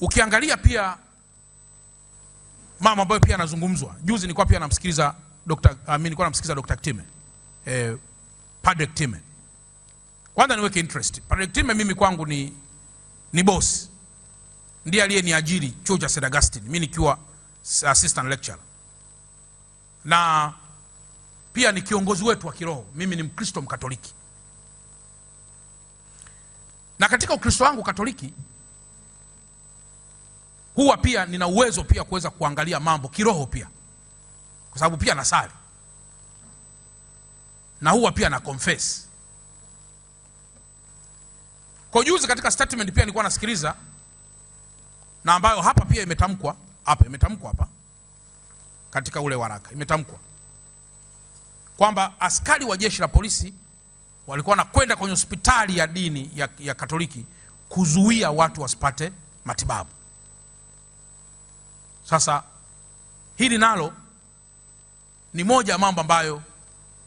Ukiangalia pia mama ambayo pia anazungumzwa juzi, nilikuwa pia namsikiliza Dr. uh, ah, mimi nilikuwa namsikiliza Dr. Kitime eh, Padre Kitime. Kwanza niweke interest, Padre Kitime mimi kwangu ni ni boss, ndiye aliyeniajiri chuo cha St. Augustine mimi nikiwa assistant lecturer, na pia ni kiongozi wetu wa kiroho. Mimi ni Mkristo Mkatoliki, na katika Ukristo wangu Katoliki huwa pia nina uwezo pia kuweza kuangalia mambo kiroho pia, kwa sababu pia nasali na huwa pia na confess. Kwa juzi katika statement pia nilikuwa nasikiliza na ambayo hapa pia imetamkwa hapa, imetamkwa hapa katika ule waraka imetamkwa kwamba askari wa jeshi la polisi walikuwa wanakwenda kwenye hospitali ya dini ya, ya Katoliki kuzuia watu wasipate matibabu sasa hili nalo ni moja ya mambo ambayo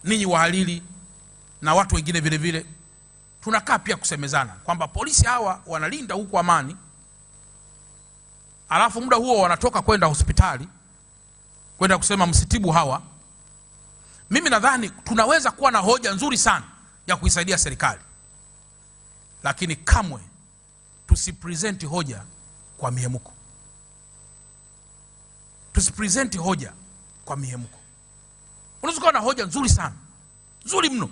ninyi wahalili na watu wengine vile vile tunakaa pia kusemezana kwamba polisi hawa wanalinda huku amani, alafu muda huo wanatoka kwenda hospitali kwenda kusema msitibu hawa. Mimi nadhani tunaweza kuwa na hoja nzuri sana ya kuisaidia serikali, lakini kamwe tusipresenti hoja kwa mihemko tusipresenti hoja kwa mihemko. Unaweza kuwa na hoja nzuri sana, nzuri mno,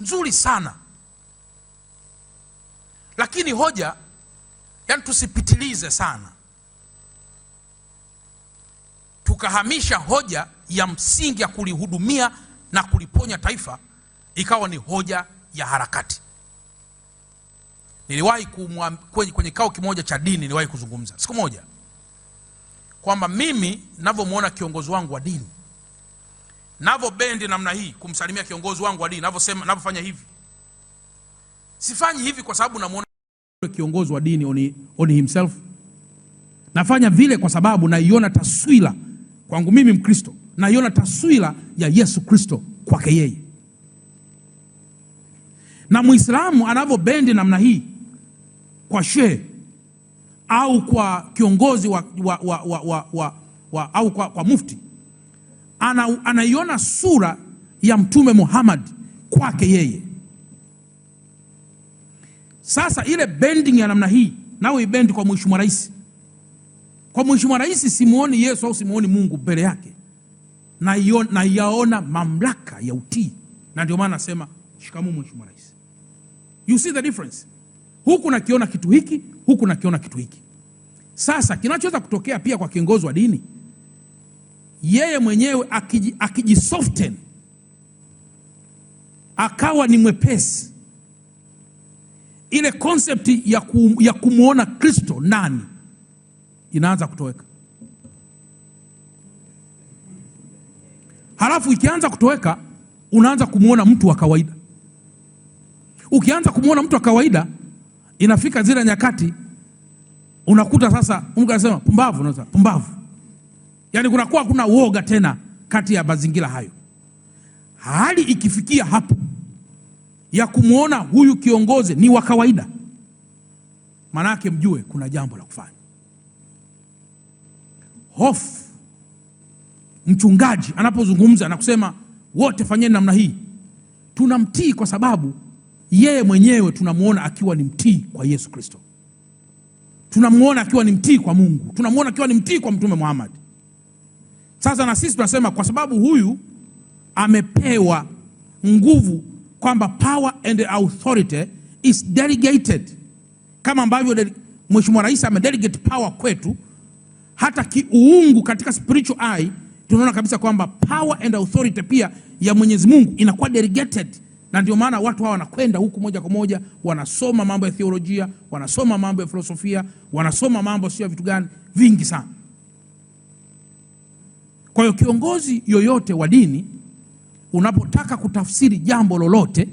nzuri sana, lakini hoja, yani tusipitilize sana, tukahamisha hoja ya msingi ya kulihudumia na kuliponya taifa ikawa ni hoja ya harakati. Niliwahi kwenye kikao kimoja cha dini, niliwahi kuzungumza siku moja kwamba mimi navyomwona kiongozi wangu wa dini navyobendi namna hii kumsalimia kiongozi wangu wa dini navyosema navyofanya hivi sifanyi hivi kwa sababu namwona kiongozi wa dini oni, oni himself nafanya vile kwa sababu naiona taswira kwangu mimi mkristo naiona taswira ya yesu kristo kwake yeye na mwislamu anavyobendi namna hii kwa shehe au kwa kiongozi wa, wa, wa, wa, wa, wa, wa, au kwa, kwa mufti ana, anaiona sura ya Mtume Muhammad kwake yeye. Sasa ile bending ya namna hii nawe ibendi kwa mheshimiwa rais. Kwa mheshimiwa rais simuoni Yesu au simuoni Mungu mbele yake, naiyaona na mamlaka ya utii, na ndio maana nasema shikamu mheshimiwa rais. You see the difference? huku nakiona kitu hiki, huku nakiona kitu hiki. Sasa kinachoweza kutokea pia kwa kiongozi wa dini, yeye mwenyewe akijisoften, akawa ni mwepesi, ile konsepti ya, ku, ya kumwona Kristo nani inaanza kutoweka. Halafu ikianza kutoweka, unaanza kumwona mtu wa kawaida. Ukianza kumwona mtu wa kawaida inafika zile nyakati unakuta sasa mungu anasema pumbavu, unasema pumbavu. Yani kunakuwa kuna uoga tena kati ya mazingira hayo. Hali ikifikia hapo ya kumwona huyu kiongozi ni wa kawaida, manake mjue kuna jambo la kufanya. Hofu mchungaji anapozungumza na kusema wote fanyeni namna hii, tunamtii kwa sababu yeye mwenyewe tunamwona akiwa ni mtii kwa Yesu Kristo, tunamwona akiwa ni mtii kwa Mungu, tunamwona akiwa ni mtii kwa Mtume Muhammad. Sasa na sisi tunasema kwa sababu huyu amepewa nguvu kwamba power and authority is delegated, kama ambavyo Mheshimiwa Rais amedelegate power kwetu, hata kiuungu katika spiritual eye tunaona kabisa kwamba power and authority pia ya Mwenyezi Mungu inakuwa delegated na ndio maana watu hawa wanakwenda huku moja kwa moja, wanasoma mambo ya theolojia, wanasoma mambo ya filosofia, wanasoma mambo sio ya vitu gani vingi sana. Kwa hiyo kiongozi yoyote wa dini unapotaka kutafsiri jambo lolote,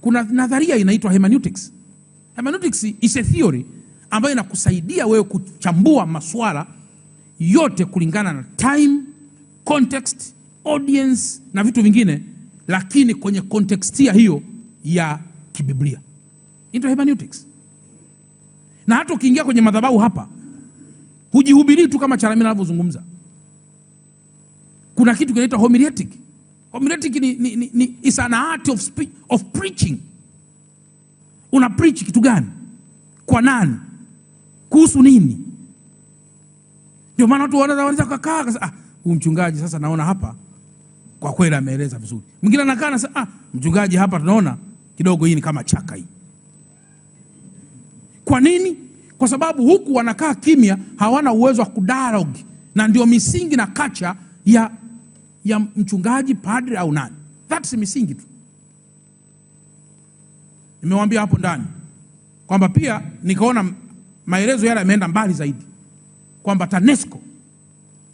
kuna nadharia inaitwa hermeneutics. Hermeneutics is a theory ambayo inakusaidia wewe kuchambua masuala yote kulingana na time, context, audience na vitu vingine lakini kwenye kontekstia hiyo ya kibiblia ndio hermeneutics. Na hata ukiingia kwenye madhabahu hapa hujihubirii tu kama Chalamila anavyozungumza, kuna kitu kinaitwa homiletic. Homiletic ni, ni, ni, ni is an art of, speech, of preaching. Una preach kitu gani kwa nani kuhusu nini? Ndio maana watu wanaweza kukaa ah, huyu mchungaji sasa naona hapa kwa kweli ameeleza vizuri. Mwingine anakaa nasema, ah, mchungaji hapa tunaona kidogo hii ni kama chaka hii. Kwa nini? Kwa sababu huku wanakaa kimya, hawana uwezo wa kudialogue, na ndio misingi na kacha ya, ya mchungaji, padri au nani. That's misingi tu. Nimewambia hapo ndani kwamba pia nikaona maelezo yale yameenda mbali zaidi kwamba TANESCO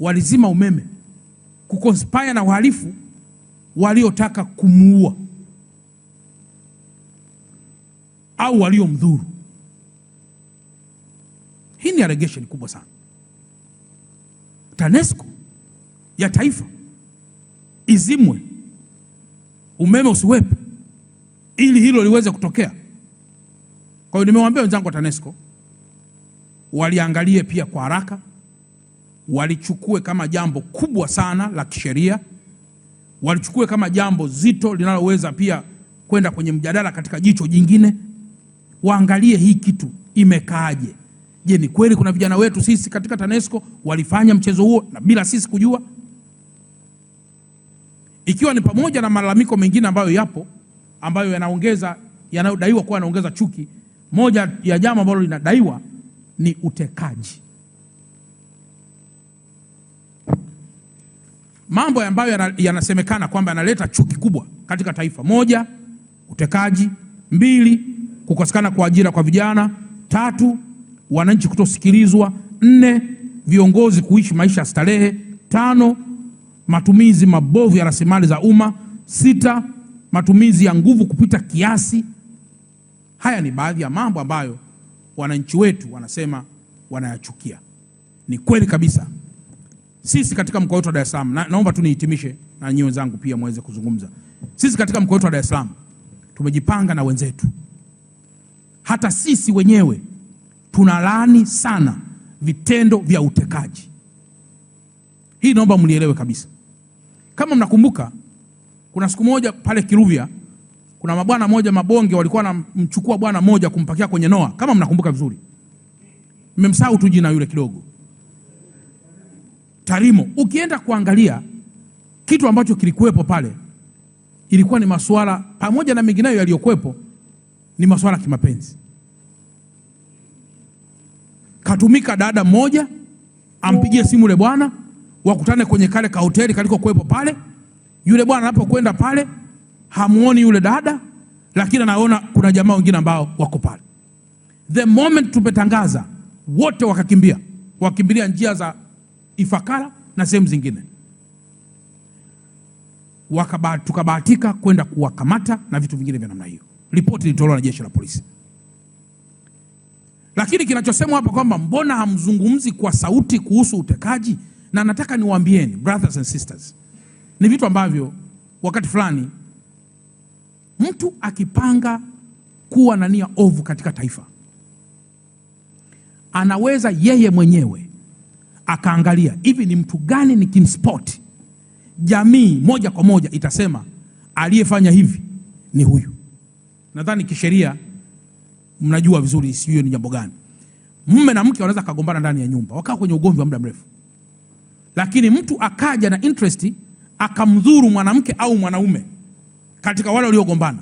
walizima umeme kukonspaya na wahalifu waliotaka kumuua au waliomdhuru. Hii ni allegation kubwa sana. TANESCO ya taifa izimwe, umeme usiwepo ili hilo liweze kutokea. Kwa hiyo nimewaambia wenzangu wa TANESCO waliangalie pia kwa haraka walichukue kama jambo kubwa sana la kisheria, walichukue kama jambo zito linaloweza pia kwenda kwenye mjadala katika jicho jingine. Waangalie hii kitu imekaaje. Je, ni kweli kuna vijana wetu sisi katika TANESCO walifanya mchezo huo na bila sisi kujua, ikiwa ni pamoja na malalamiko mengine ambayo yapo ambayo yanaongeza yanayodaiwa kuwa yanaongeza chuki. Moja ya jambo ambalo linadaiwa ni utekaji. mambo ambayo yanasemekana kwamba yanaleta chuki kubwa katika taifa: moja, utekaji; mbili, kukosekana kwa ajira kwa vijana; tatu, wananchi kutosikilizwa; nne, viongozi kuishi maisha ya starehe; tano, matumizi mabovu ya rasilimali za umma; sita, matumizi ya nguvu kupita kiasi. Haya ni baadhi ya mambo ambayo wananchi wetu wanasema wanayachukia. Ni kweli kabisa. Sisi katika mkoa wetu wa Dar es Salaam na, naomba tu nihitimishe na nyinyi wenzangu pia muweze kuzungumza. Sisi katika mkoa wetu wa Dar es Salaam tumejipanga na wenzetu, hata sisi wenyewe tunalaani sana vitendo vya utekaji. Hii naomba mlielewe kabisa. Kama mnakumbuka, kuna siku moja pale Kiruvya kuna mabwana moja mabonge walikuwa wanamchukua bwana moja kumpakia kwenye noa, kama mnakumbuka vizuri. Mmemsahau tu jina yule kidogo Tarimo, ukienda kuangalia kitu ambacho kilikuwepo pale, ilikuwa ni masuala pamoja na mengineyo yaliyokuwepo, ni masuala ya kimapenzi. Katumika dada mmoja ampigie simu yule bwana, wakutane kwenye kale ka hoteli kalikokuwepo pale. Yule bwana anapokwenda pale, hamuoni yule dada, lakini anaona kuna jamaa wengine ambao wako pale. The moment tumetangaza, wote wakakimbia, wakimbilia njia za Ifakara na sehemu zingine, tukabahatika kwenda kuwakamata na vitu vingine vya namna hiyo. Ripoti ilitolewa na jeshi la polisi, lakini kinachosemwa hapa kwamba mbona hamzungumzi kwa sauti kuhusu utekaji? Na nataka niwaambieni brothers and sisters, ni vitu ambavyo wakati fulani mtu akipanga kuwa na nia ovu katika taifa anaweza yeye mwenyewe akaangalia hivi ni mtu gani nikimspoti, jamii moja kwa moja itasema aliyefanya hivi ni huyu. Nadhani kisheria mnajua vizuri, sio ni jambo gani. Mume na mke wanaweza kagombana ndani ya nyumba, wakaa kwenye ugomvi wa muda mrefu, lakini mtu akaja na interest akamdhuru mwanamke au mwanaume katika wale waliogombana,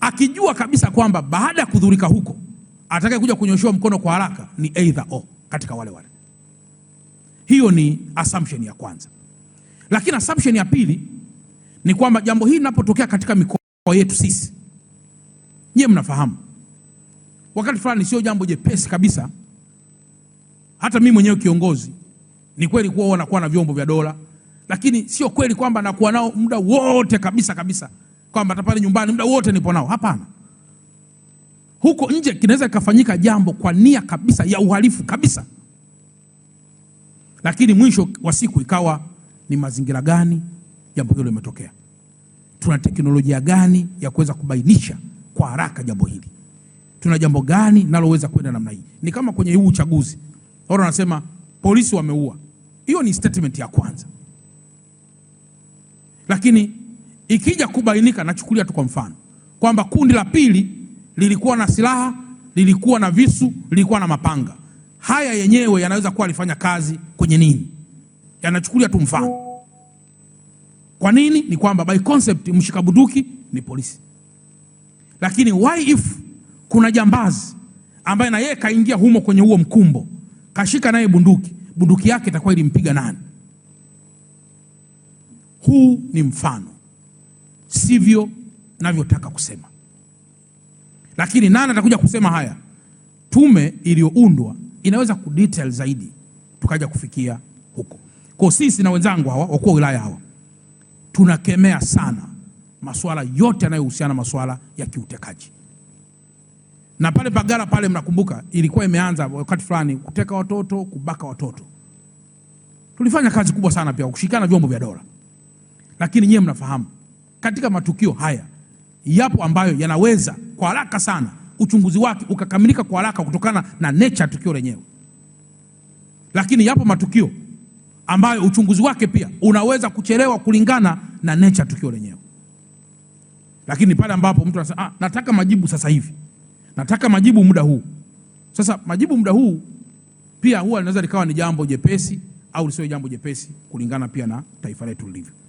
akijua kabisa kwamba baada ya kudhurika huko atakaye kuja kunyoshewa mkono kwa haraka ni either or katika wale wale hiyo ni assumption ya kwanza, lakini assumption ya pili ni kwamba jambo hili linapotokea katika mikoa yetu sisi, je, mnafahamu wakati fulani sio jambo jepesi kabisa. Hata mimi mwenyewe kiongozi, ni kweli kuwa wanakuwa na vyombo vya dola, lakini sio kweli kwamba nakuwa nao muda wote kabisa kabisa, kwamba hata pale nyumbani muda wote nipo nao. Hapana, huko nje kinaweza kikafanyika jambo kwa nia kabisa ya uhalifu kabisa lakini mwisho wa siku ikawa ni mazingira gani jambo hilo limetokea, tuna teknolojia gani ya kuweza kubainisha kwa haraka jambo hili, tuna jambo gani naloweza kwenda namna hii. Ni kama kwenye huu uchaguzi, watu wanasema polisi wameua. Hiyo ni statement ya kwanza, lakini ikija kubainika, nachukulia tu kwa mfano kwamba kundi la pili lilikuwa na silaha, lilikuwa na visu, lilikuwa na mapanga. Haya yenyewe yanaweza kuwa alifanya kazi kwenye nini? Yanachukulia tu mfano. Kwa nini? Ni kwamba by concept mshika bunduki ni polisi, lakini why if kuna jambazi ambaye na yeye kaingia humo kwenye huo mkumbo, kashika naye bunduki, bunduki yake itakuwa ilimpiga nani? Huu ni mfano, sivyo navyotaka kusema, lakini nani atakuja kusema haya? Tume iliyoundwa inaweza kudetail zaidi tukaja kufikia huko. Kwa sisi na wenzangu hawa wakuu wa wilaya hawa tunakemea sana masuala yote yanayohusiana na masuala ya kiutekaji. Na pale Pagara pale, mnakumbuka ilikuwa imeanza wakati fulani kuteka watoto, kubaka watoto. Tulifanya kazi kubwa sana pia kushikana vyombo vya dola, lakini nyie mnafahamu katika matukio haya yapo ambayo yanaweza kwa haraka sana uchunguzi wake ukakamilika kwa haraka kutokana na nature tukio lenyewe lakini yapo matukio ambayo uchunguzi wake pia unaweza kuchelewa kulingana na nature tukio lenyewe. Lakini pale ambapo mtu anasema ah, nataka majibu sasa hivi, nataka majibu muda huu. Sasa majibu muda huu pia huwa linaweza likawa ni jambo jepesi au lisio jambo jepesi, kulingana pia na taifa letu lilivyo.